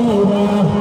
Jehovah.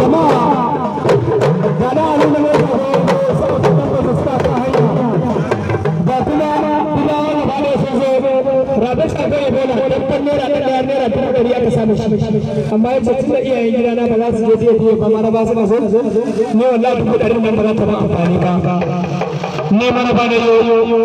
amma ba tun da iyayen gida na ba za su je je je ba mana ba su ba zai ne wallahi duk da nan ba za ta ba amfani ba ne mana ba da yo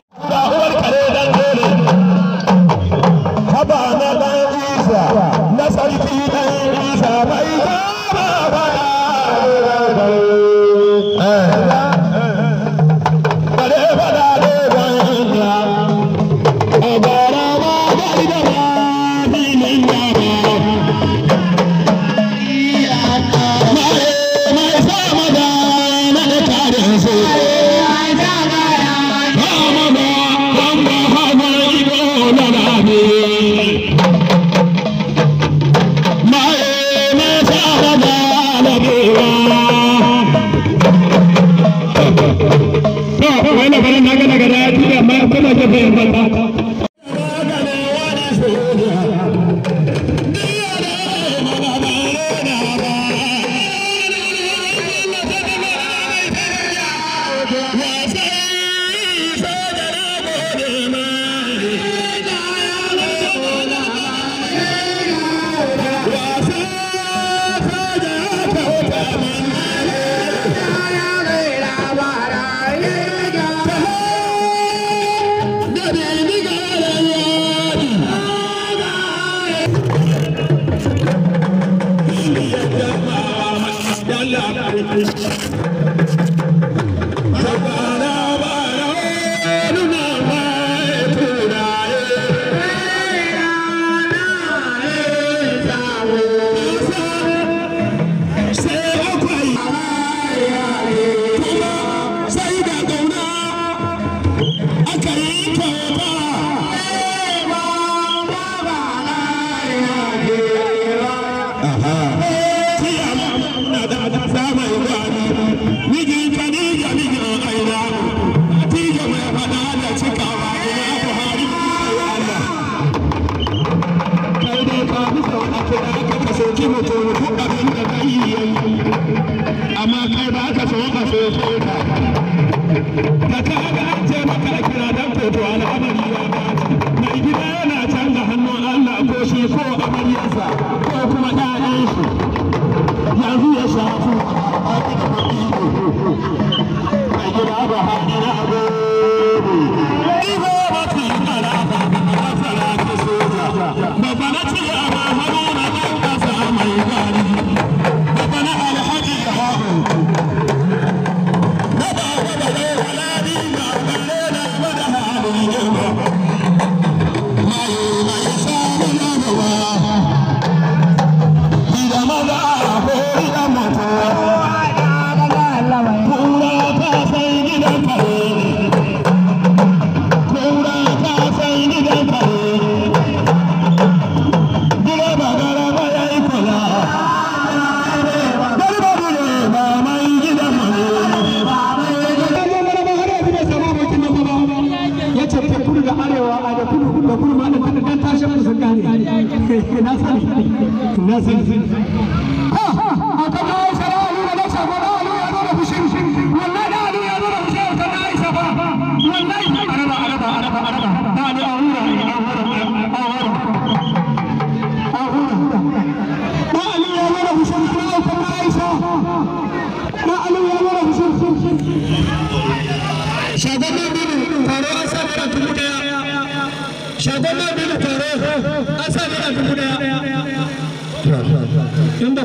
Allah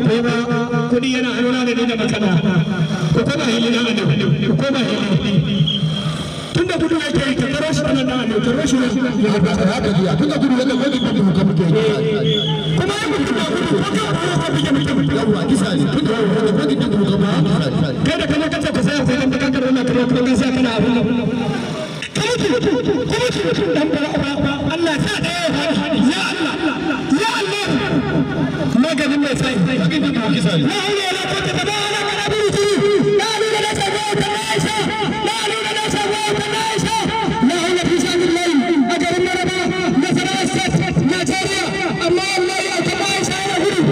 gona kuɗi yana auna da ni da matsala ku hili na ado ku koma hili tun kudu yake yi kakar rashin nan na ado kakar rashin ya ba ta haka biya tun kudu yake wani kudu ka muke kuma ya kudu ba kudu ko ka ba ka muke muke yawa kisa ne tun kudu wani kudu ka ba kada kana kace ka sai sai ka kankar wannan kare ka sai kana abin kuma ki kuma ki dan ba Allah ta da ya Allah ya mpaka nyumba sasa mpaka ndio sana na huyo anapata tabana karabuti nani anachagua utaisha nani anachagua utaisha na huyo pishani lai ajarimba na nasara sasa Nigeria Allah Allah ya utaisha na huyu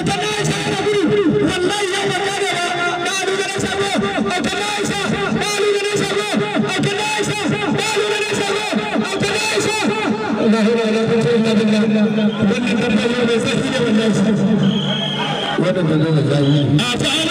utaisha na huyu wallahi ya bakari nani anachagua utaisha nani anachagua utaisha nani anachagua utaisha Allah Allah la ilaha illa Allah wa la ilaha illa Allah I've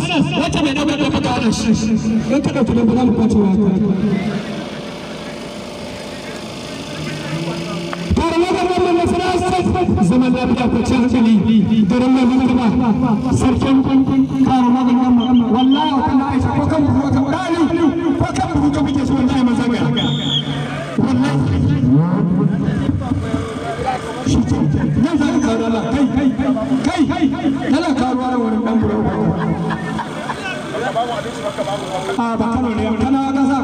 halas wata mai damar da kuka hana shi don ta ɗauki damar zamu kwace wa ta zaman lafiya ko ci hankali da ranar mutuwa sarkin karo maganin mu wallahi wa kan aisha ko kan buhu ta dali ko kan buhu ta kuke so ne maza ga wallahi shi ce nan zan kawo Allah kai a ah, ba kano ne kano ka sa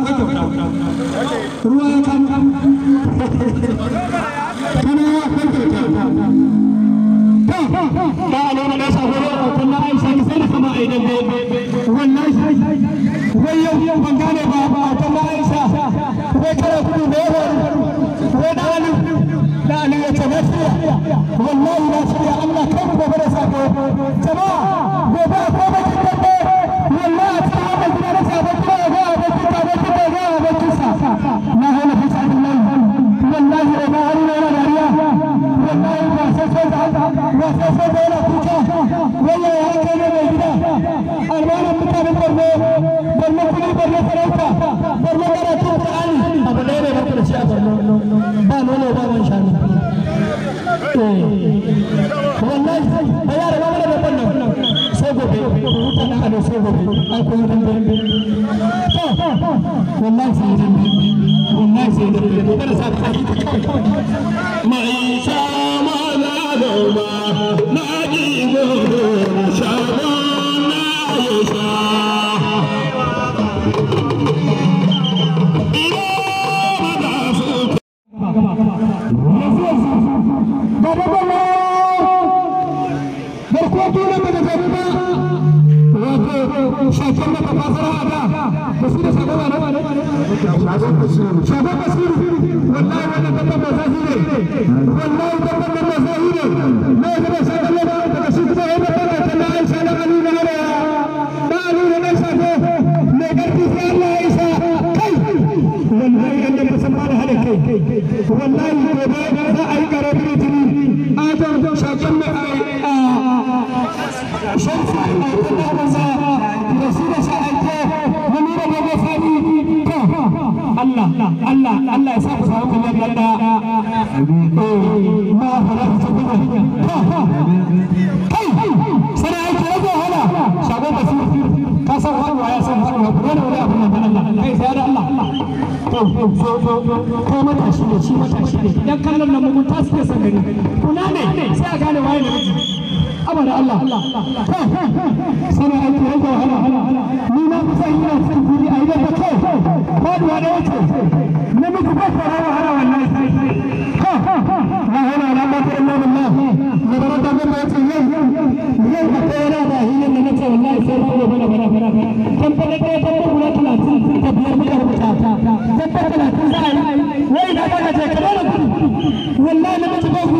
ruwa ya a kama ba wallahi a yara ba mana babban nan sai gobe wuta na ado sai gobe ai ko dan dan to wallahi sai dan wallahi sai dan kada sa ka Thank you. saboda Allah sana'ar ta rage wahala ni na kusa ina cikin kudi a idan ta kai faduwa da wace na muku ba fara wahala wallahi ha na hana na ba ta illa billah na bara da ban da ce yau yau ka kai na da hilin da nace wallahi sai ko bana bana bana kan fa da ta ta kula talatin ta biyar muka rubuta ta ta talatin za a yi wai na ba ka ce ka dole wallahi na mutu ba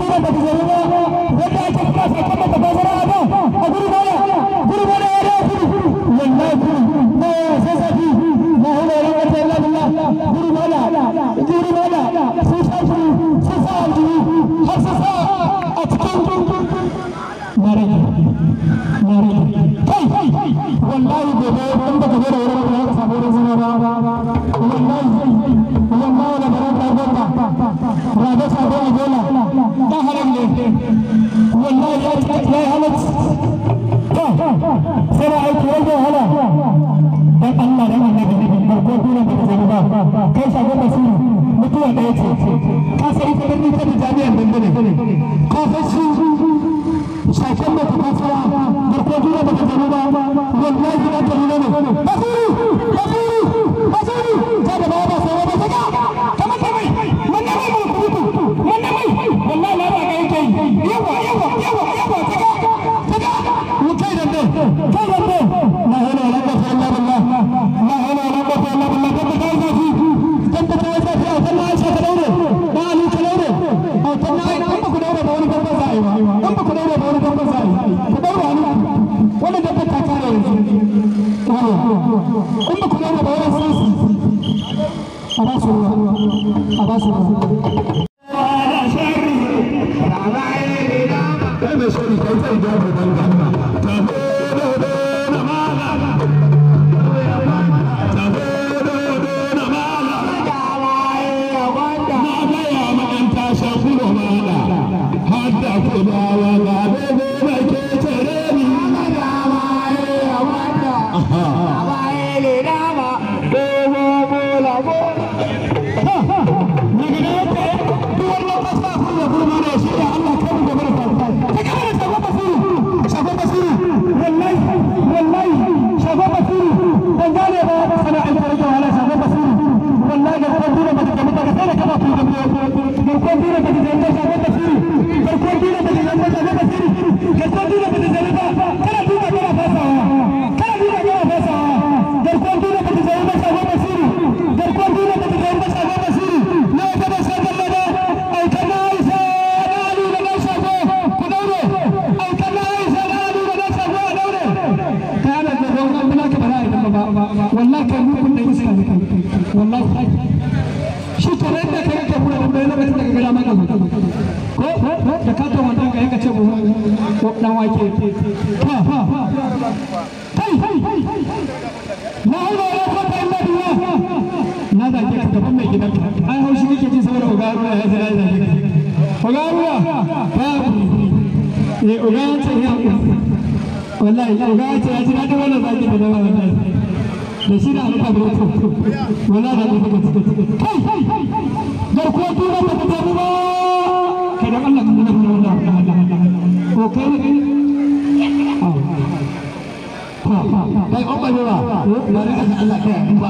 kai shago basiru mutuwa ɗaya ce ka san birni ta da jami'an ka san shi da ta kasuwa ba wallahi na ta nuna ne ta da ba Abbas dan wake ha ha abokai kai an bai ruwa ba ba akwai wanda ba da kuma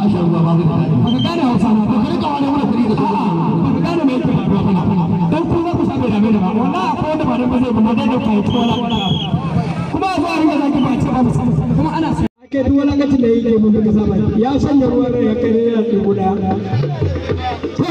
a zuwa riga zaki ba ci ba ya sanya ruwan ya guda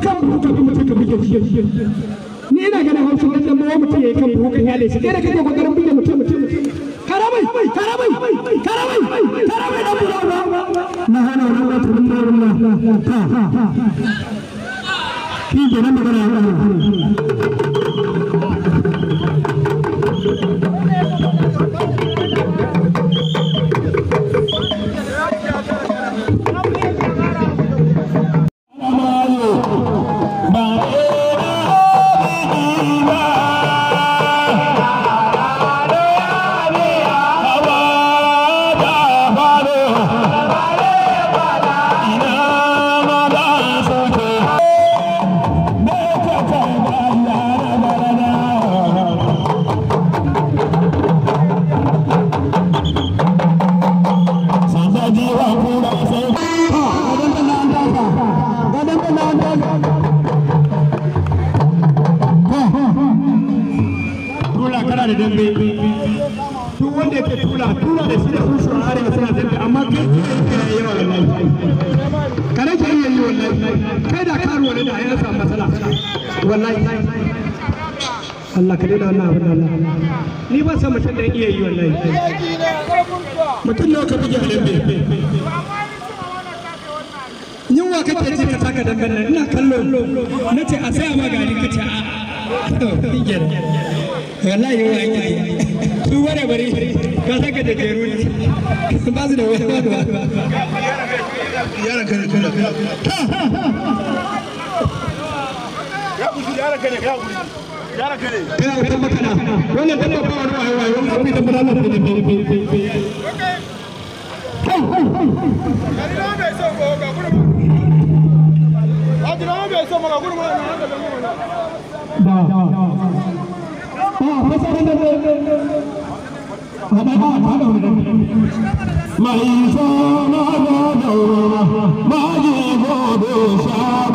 kan buka kuma ta ni ina ganin hausa dan dan mawa mutum kan buka ya lace kai da kake kokarin mutum karamai karamai karamai karamai da buga na hana ta ta ki nan magana Allah ka daina wannan abin Allah ni ba san mutum da iya yi wallahi mutum ne ka buge a dambe yunwa kake ji ka taka damben nan ina kallo na ce a saya ma gari ka ce a wallahi yau ake yi su bare bari ka saka da jeru ne ba su da wani ba ba yaran kana kana ya kuji yaran kana ya kuji kana kana mai sama da daura ma ji gobe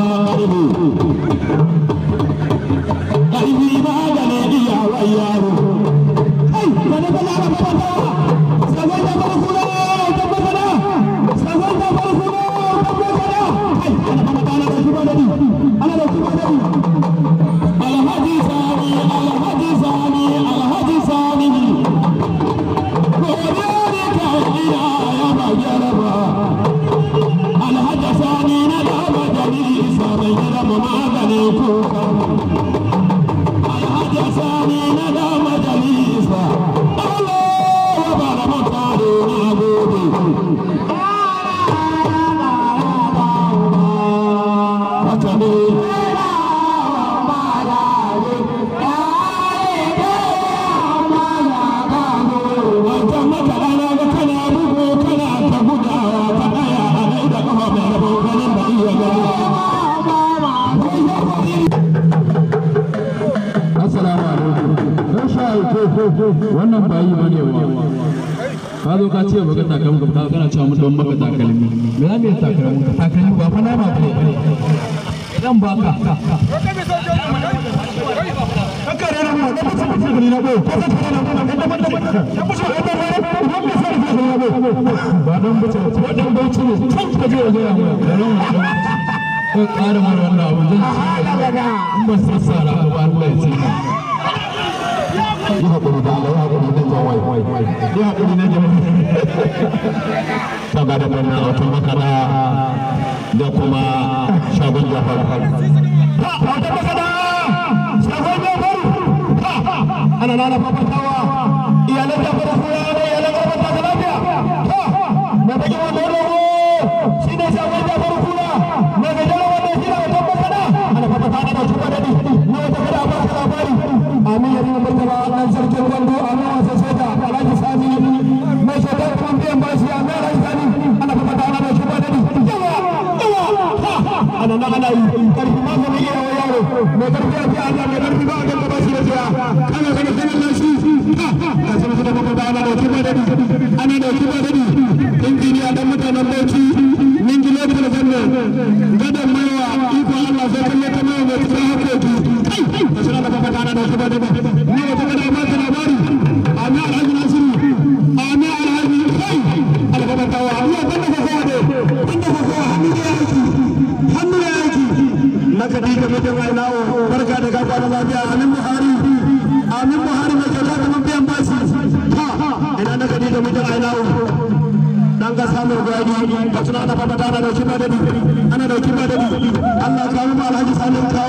마음 wannan ba yi bane wa ka zo ka ce baka kama ka kana cewa mun don takalmi me za mu yi takalmi ka takalmi ba fa nama mu da na ta ba dan bace ba dan bace ne kan ka je mu da nan ko ƙara wannan abu zan ci in ba sassara ba Allah ya yi hakuri da Allah ya da jawai yi hakuri na jawai daga da bana wata makara jafar nana ana yi karfi ma kamar a fiye Allah mai da tsaya kana kana ka sanin su da makwabta ana dauki ba dauki ba dadi dan mutanen bauchi min ji lokacin zannan Allah sai kalle ta hakoki kai ka da da amin buhari ta ana dauki Allah kawo alhaji sanin ka